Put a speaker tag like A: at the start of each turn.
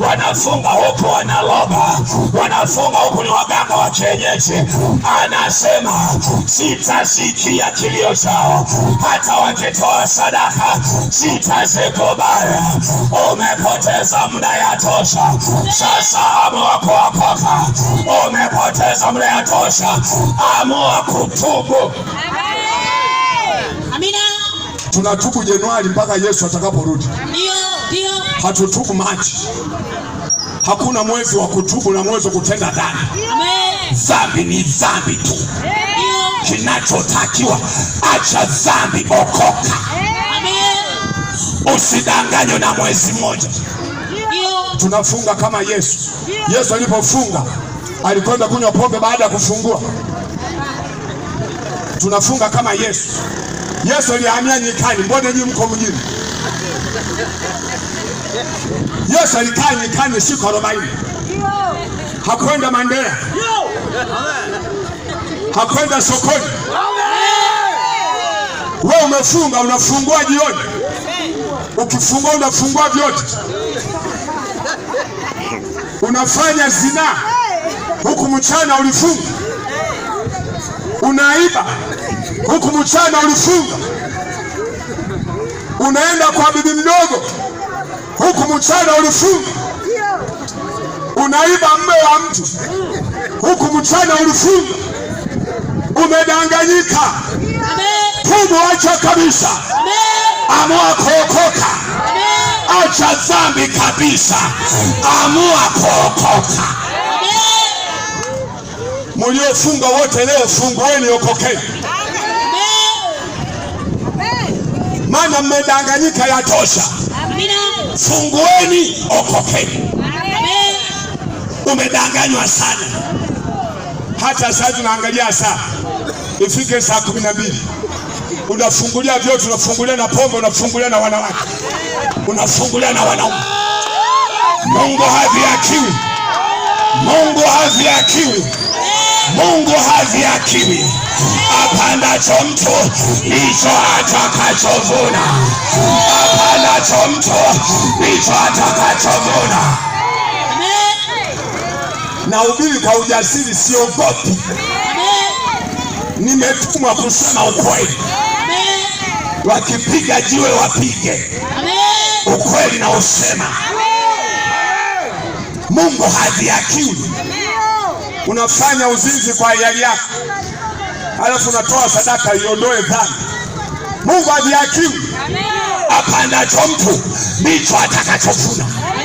A: wanafunga huku wanaloba, wanafunga huku ni waganga wa kienyeji. Anasema sitasikia kilio chao, hata wakitoa sadaka sitazikubali. Umepoteza muda ya tosha sasa, amua kuokoka. Umepoteza muda ya tosha, amua kutubu
B: tunatubu Januari mpaka Yesu atakaporudi. Hatutubu Machi. Hakuna mwezi wa kutubu na mwezi wa kutenda dhambi. Dhambi ni dhambi tu. Kinachotakiwa acha dhambi, okoka. Usidanganywe na mwezi mmoja. Tunafunga kama Yesu. Yesu alipofunga alikwenda kunywa pombe baada ya kufungua. Tunafunga kama Yesu. Yesu alihamia nyikani. Mbona nyinyi mko mjini? Yesu alikaa nyikani siku arobaini. Hakwenda Mandela, hakwenda sokoni. Wewe umefunga, unafungua jioni, ukifungua unafungua vyote, unafanya zinaa huku mchana ulifunga, unaiba huku mchana ulifunga, unaenda kwa bibi mdogo, huku mchana ulifunga, unaiba mme wa mtu, huku mchana ulifunga, umedanganyika. Pumu, acha kabisa, amua kuokoka, acha dhambi kabisa, amua kuokoka. Muliofunga wote leo, fungueni, okokeni. maana mmedanganyika ya tosha. Fungueni, okokeni. Umedanganywa sana, hata saa tunaangalia saa ifike saa kumi na mbili unafungulia vyote, unafungulia na pombe, unafungulia na wanawake, unafungulia na wanaume. Mungu hadhihakiwi, Mungu hadhihakiwi. Mungu haviakiwi. Apandacho mtu ndicho atakachovuna. Apandacho mtu ndicho atakachovuna. Na ubiri kwa ujasiri, siogopi. Nimetumwa kusema ukweli. Wakipiga jiwe wapige, ukweli na usema Mungu hadhihakiwi unafanya uzinzi kwa hiari yako, alafu unatoa sadaka iondoe dhambi. Mungu ajiakimu apandacho mtu ndicho atakachovuna.